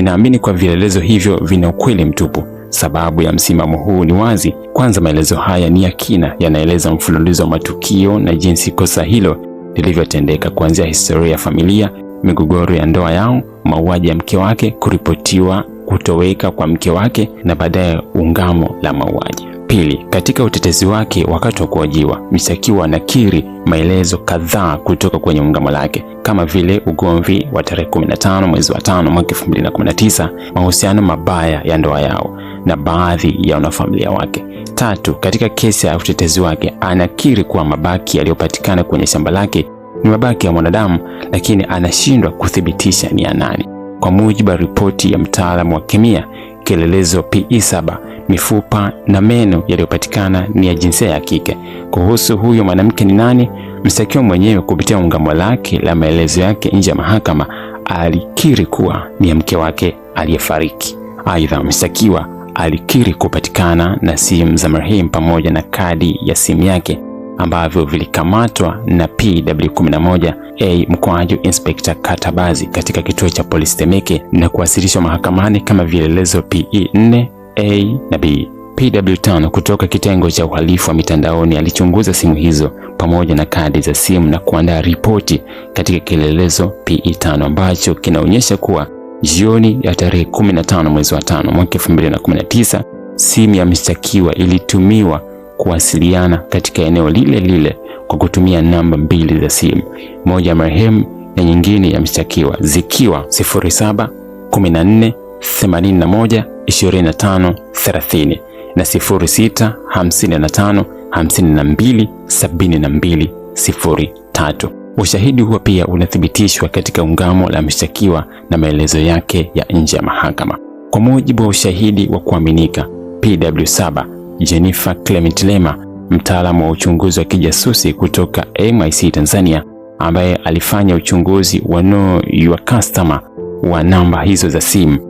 Ninaamini kwa vielelezo hivyo vina ukweli mtupu. Sababu ya msimamo huu ni wazi. Kwanza, maelezo haya ni ya kina, yanaeleza mfululizo wa matukio na jinsi kosa hilo lilivyotendeka, kuanzia historia ya familia, migogoro ya ndoa yao, mauaji ya mke wake, kuripotiwa kutoweka kwa mke wake na baadaye ungamo la mauaji. Pili, katika utetezi wake wakati wa kuhojiwa, mshtakiwa anakiri maelezo kadhaa kutoka kwenye ungamo lake kama vile ugomvi wa tarehe 15 mwezi wa 5 mwaka 2019, mahusiano mabaya ya ndoa yao na baadhi ya wanafamilia wake. Tatu, katika kesi ya utetezi wake anakiri kuwa mabaki yaliyopatikana kwenye shamba lake ni mabaki ya mwanadamu, lakini anashindwa kuthibitisha ni ya nani. Kwa mujibu wa ripoti ya mtaalamu wa kemia kielelezo PE7 mifupa na meno yaliyopatikana ni ya jinsia ya kike. Kuhusu huyo mwanamke ni nani, mshtakiwa mwenyewe kupitia ungamo lake la maelezo yake nje ya mahakama alikiri kuwa ni mke wake aliyefariki. Aidha, mshtakiwa alikiri kupatikana na simu za marehemu pamoja na kadi ya simu yake ambavyo vilikamatwa na PW11A mkwaju Inspector Katabazi katika kituo cha polisi Temeke na kuwasilishwa mahakamani kama vielelezo PE 4 A na B. PW5 kutoka kitengo cha uhalifu wa mitandaoni alichunguza simu hizo pamoja na kadi za simu na kuandaa ripoti katika kielelezo PE5 ambacho kinaonyesha kuwa jioni ya tarehe 15 mwezi wa 5 mwaka 2019 simu ya mshtakiwa ilitumiwa kuwasiliana katika eneo lile lile kwa kutumia namba mbili za simu, moja ya marehemu na nyingine ya mshtakiwa zikiwa 071481 25 na 06 Ushahidi huo pia unathibitishwa katika ungamo la mshtakiwa na maelezo yake ya nje ya mahakama. Kwa mujibu wa ushahidi wa kuaminika PW7, Jennifer Clement Lema, mtaalamu wa uchunguzi wa kijasusi kutoka MIC Tanzania, ambaye alifanya uchunguzi wa know your customer wa namba hizo za simu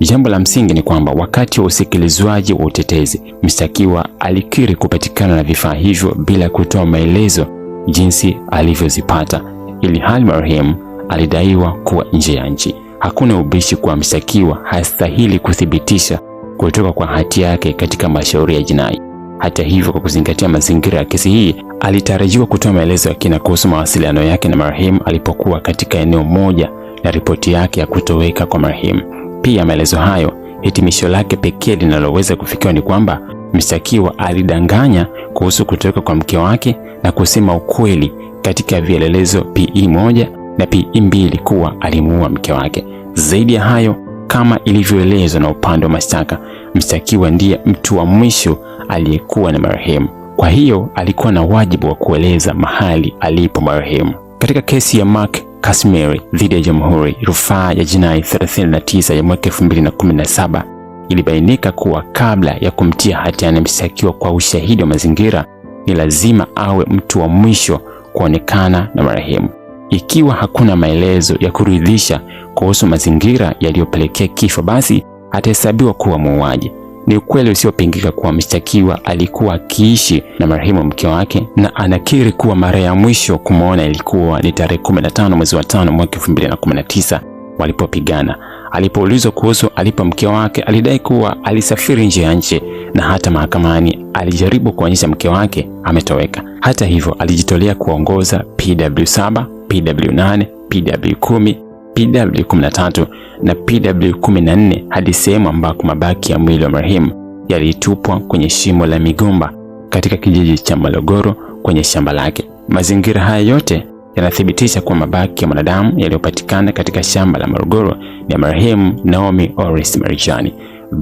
Jambo la msingi ni kwamba wakati wa usikilizwaji wa utetezi, mshtakiwa alikiri kupatikana na vifaa hivyo bila kutoa maelezo jinsi alivyozipata, ili hali marehemu alidaiwa kuwa nje ya nchi. Hakuna ubishi kwa mshtakiwa hastahili kuthibitisha kutoka kwa hati yake katika mashauri ya jinai. Hata hivyo, kwa kuzingatia mazingira ya kesi hii, alitarajiwa kutoa maelezo ya kina kuhusu mawasiliano yake na marehemu alipokuwa katika eneo moja na ripoti yake ya kutoweka kwa marehemu. Pia maelezo hayo, hitimisho lake pekee linaloweza kufikiwa ni kwamba mshtakiwa alidanganya kuhusu kutoweka kwa mke wake na kusema ukweli katika vielelezo PE moja na PE mbili kuwa alimuua mke wake. Zaidi ya hayo, kama ilivyoelezwa na upande wa mashtaka, mshtakiwa ndiye mtu wa mwisho aliyekuwa na marehemu, kwa hiyo alikuwa na wajibu wa kueleza mahali alipo marehemu. Katika kesi ya Mark Kashmir dhidi ya Jamhuri rufaa ya jinai 39 ya mwaka 2017 ilibainika kuwa kabla ya kumtia hatiani mshtakiwa kwa ushahidi wa mazingira, ni lazima awe mtu wa mwisho kuonekana na marehemu. Ikiwa hakuna maelezo ya kuridhisha kuhusu mazingira yaliyopelekea kifo, basi atahesabiwa kuwa muuaji. Ni ukweli usiopingika kuwa mshtakiwa alikuwa akiishi na marehemu mke wake na anakiri kuwa mara ya mwisho kumwona ilikuwa ni tarehe 15 mwezi wa 5 mwaka 2019 walipopigana. Alipoulizwa kuhusu alipo mke wake, alidai kuwa alisafiri nje ya nchi na hata mahakamani alijaribu kuonyesha mke wake ametoweka. Hata hivyo, alijitolea kuongoza PW7, PW8, PW10 PW13 na PW14 hadi sehemu ambako mabaki ya mwili wa marehemu yalitupwa kwenye shimo la migomba katika kijiji cha Malogoro kwenye shamba lake. Mazingira haya yote yanathibitisha kuwa mabaki ya mwanadamu yaliyopatikana katika shamba la Malogoro ni ya marehemu Naomi Oris Marijani.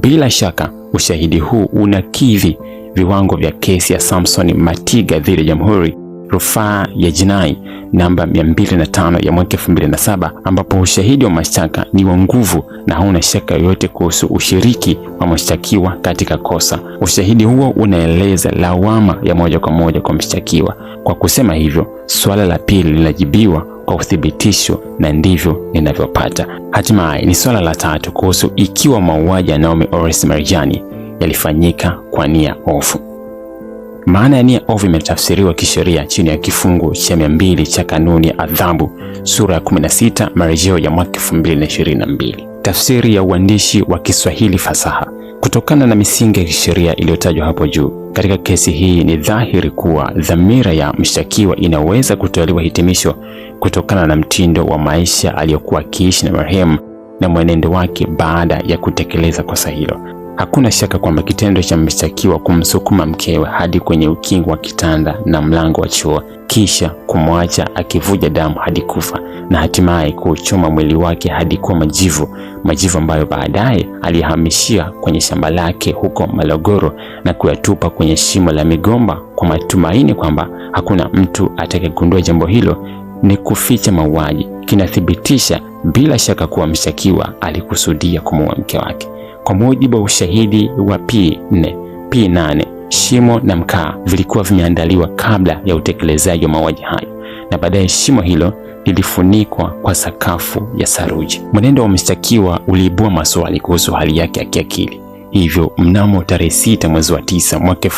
Bila shaka ushahidi huu unakidhi viwango vya kesi ya Samson Matiga dhidi ya Jamhuri rufaa ya jinai namba 205 ya mwaka 2007 ambapo ushahidi wa mashtaka ni wa nguvu na hauna shaka yoyote kuhusu ushiriki wa mshtakiwa katika kosa. Ushahidi huo unaeleza lawama ya moja kwa moja kwa mshtakiwa. Kwa kusema hivyo, suala la pili linajibiwa kwa uthibitisho na ndivyo ninavyopata. Hatimaye ni suala la tatu kuhusu ikiwa mauaji ya Naomi Oris Marijani yalifanyika kwa nia ovu. Maana ya nia ovu imetafsiriwa kisheria chini ya kifungu cha mia mbili cha kanuni ya adhabu sura ya 16 marejeo ya mwaka 2022. Tafsiri ya uandishi wa Kiswahili fasaha kutokana na misingi ya kisheria iliyotajwa hapo juu, katika kesi hii ni dhahiri kuwa dhamira ya mshtakiwa inaweza kutolewa hitimisho kutokana na mtindo wa maisha aliyokuwa akiishi na marehemu na mwenendo wake baada ya kutekeleza kosa hilo. Hakuna shaka kwamba kitendo cha mshtakiwa kumsukuma mkewe hadi kwenye ukingo wa kitanda na mlango wa choo kisha kumwacha akivuja damu hadi kufa na hatimaye kuuchoma mwili wake hadi kuwa majivu, majivu ambayo baadaye alihamishia kwenye shamba lake huko Malogoro na kuyatupa kwenye shimo la migomba kwa matumaini kwamba hakuna mtu atakayegundua jambo hilo. Ni kuficha mauaji kinathibitisha bila shaka kuwa mshtakiwa alikusudia kumuua mke wake. Kwa mujibu wa ushahidi wa P4, P8, shimo na mkaa vilikuwa vimeandaliwa kabla ya utekelezaji wa mauaji hayo, na baadaye shimo hilo lilifunikwa kwa sakafu ya saruji. Mwenendo wa mshtakiwa uliibua maswali kuhusu hali yake ya kiakili. Hivyo mnamo tarehe 6 mwezi wa tisa mwaka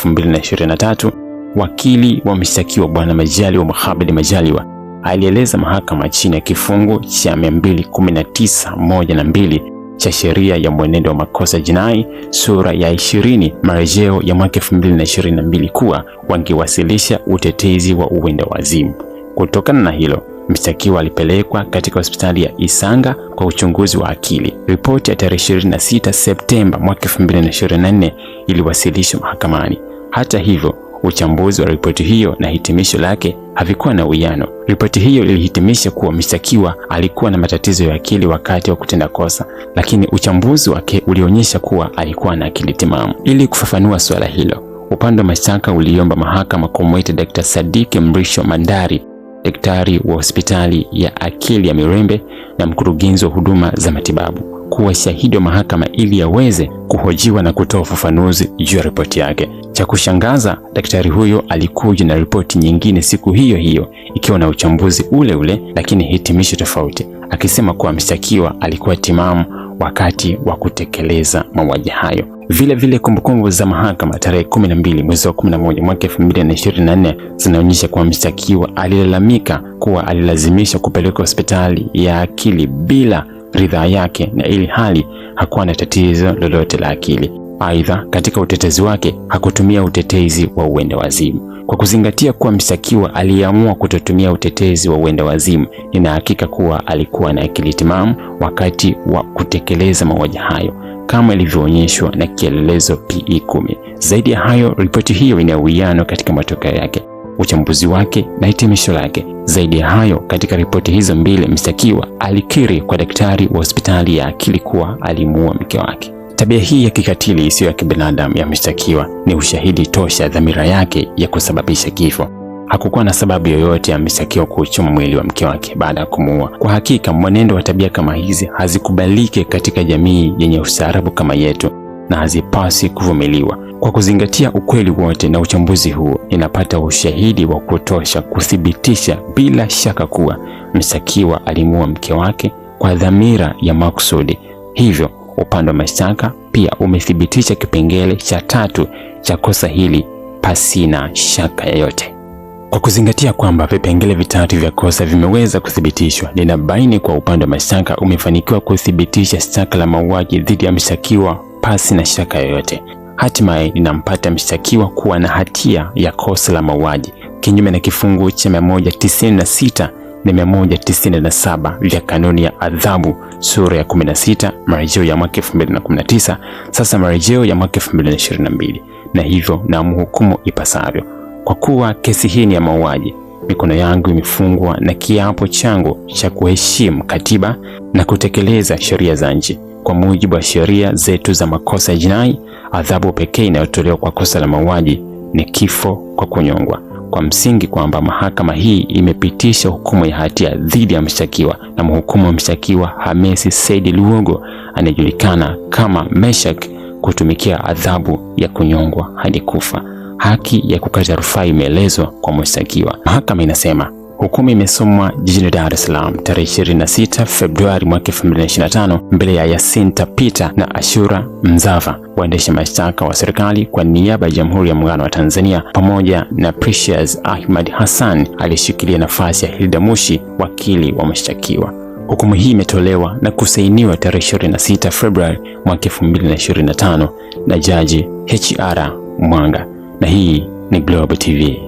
tatu wakili wa mshtakiwa Bwana Majaliwa Mohamed Majaliwa alieleza mahakama chini ya kifungu cha 219 moja na mbili cha sheria ya mwenendo wa makosa jinai sura ya 20 marejeo ya mwaka 2022 kuwa wangewasilisha utetezi wa uwendawazimu. Kutokana na hilo, mshtakiwa alipelekwa katika hospitali ya Isanga kwa uchunguzi wa akili. Ripoti ya tarehe 26 Septemba mwaka 2024 iliwasilishwa mahakamani. Hata hivyo Uchambuzi wa ripoti hiyo na hitimisho lake havikuwa na uwiano. Ripoti hiyo ilihitimisha kuwa mshtakiwa alikuwa na matatizo ya akili wakati wa kutenda kosa, lakini uchambuzi wake ulionyesha kuwa alikuwa na akili timamu. Ili kufafanua suala hilo, upande wa mashtaka uliomba mahakama kumwita Dr. Sadiq Mrisho Mandari, daktari wa hospitali ya akili ya Mirembe na mkurugenzi wa huduma za matibabu kuwa shahidi wa mahakama ili aweze kuhojiwa na kutoa ufafanuzi juu ya ripoti yake. Cha kushangaza, daktari huyo alikuja na ripoti nyingine siku hiyo hiyo ikiwa na uchambuzi ule ule, lakini hitimisho tofauti, akisema kuwa mshtakiwa alikuwa timamu wakati wa kutekeleza mauaji hayo. Vile vile kumbukumbu za mahakama tarehe 12 mwezi wa 11 mwaka 2024 zinaonyesha kuwa mshtakiwa alilalamika kuwa alilazimisha kupelekwa hospitali ya akili bila ridhaa yake na ili hali hakuwa na tatizo lolote la akili. Aidha, katika utetezi wake hakutumia utetezi wa uende wazimu. Kwa kuzingatia kuwa mshtakiwa aliyeamua kutotumia utetezi wa uende wazimu, nina hakika kuwa alikuwa na akili timamu wakati wa kutekeleza mauaji hayo kama ilivyoonyeshwa na kielelezo PE 10. Zaidi ya hayo, ripoti hiyo ina uwiano katika matokeo yake uchambuzi wake na hitimisho lake. Zaidi ya hayo, katika ripoti hizo mbili, mshtakiwa alikiri kwa daktari wa hospitali ya akili kuwa alimuua mke wake. Tabia hii ya kikatili isiyo ya kibinadamu ya mshtakiwa ni ushahidi tosha dhamira yake ya kusababisha kifo. Hakukuwa na sababu yoyote ya mshtakiwa kuuchoma mwili wa mke wake baada ya kumuua. Kwa hakika, mwenendo wa tabia kama hizi hazikubaliki katika jamii yenye ustaarabu kama yetu na hazipasi kuvumiliwa. Kwa kuzingatia ukweli wote na uchambuzi huo, ninapata ushahidi wa kutosha kuthibitisha bila shaka kuwa mshtakiwa alimuua mke wake kwa dhamira ya makusudi. Hivyo upande wa mashtaka pia umethibitisha kipengele cha tatu cha kosa hili pasina shaka yoyote. Kwa kuzingatia kwamba vipengele vitatu vya kosa vimeweza kuthibitishwa, ninabaini kwa upande wa mashtaka umefanikiwa kuthibitisha shtaka la mauaji dhidi ya mshtakiwa pasi na shaka yoyote. Hatimaye ninampata mshtakiwa kuwa na hatia ya kosa la mauaji kinyume na kifungu cha 196 na 197 vya kanuni ya adhabu sura ya 16 marejeo ya mwaka 2019, sasa marejeo ya mwaka 2022, na hivyo na ipasavyo. Kwa kuwa kesi hii ni ya mauaji, mikono yangu imefungwa na kiapo changu cha kuheshimu katiba na kutekeleza sheria za nchi. Kwa mujibu wa sheria zetu za makosa ya jinai, adhabu pekee inayotolewa kwa kosa la mauaji ni kifo kwa kunyongwa, kwa msingi kwamba mahakama hii imepitisha hukumu ya hatia dhidi ya mshtakiwa na mhukumu wa mshtakiwa Hamisi Said Luogo anayejulikana kama Meshak kutumikia adhabu ya kunyongwa hadi kufa. Haki ya kukata rufaa imeelezwa kwa mshtakiwa. Mahakama inasema Hukumu imesomwa jijini Dar es Salaam tarehe 26 Februari mwaka 2025 mbele ya Yasinta Peter na Ashura Mzava, waendesha mashtaka wa serikali kwa niaba ya Jamhuri ya Muungano wa Tanzania, pamoja na Precious Ahmad Hassan aliyeshikilia nafasi ya Hilda Mushi, wakili wa mshtakiwa. Hukumu hii imetolewa na kusainiwa tarehe 26 Februari mwaka 2025 na Jaji HR Mwanga, na hii ni Global TV.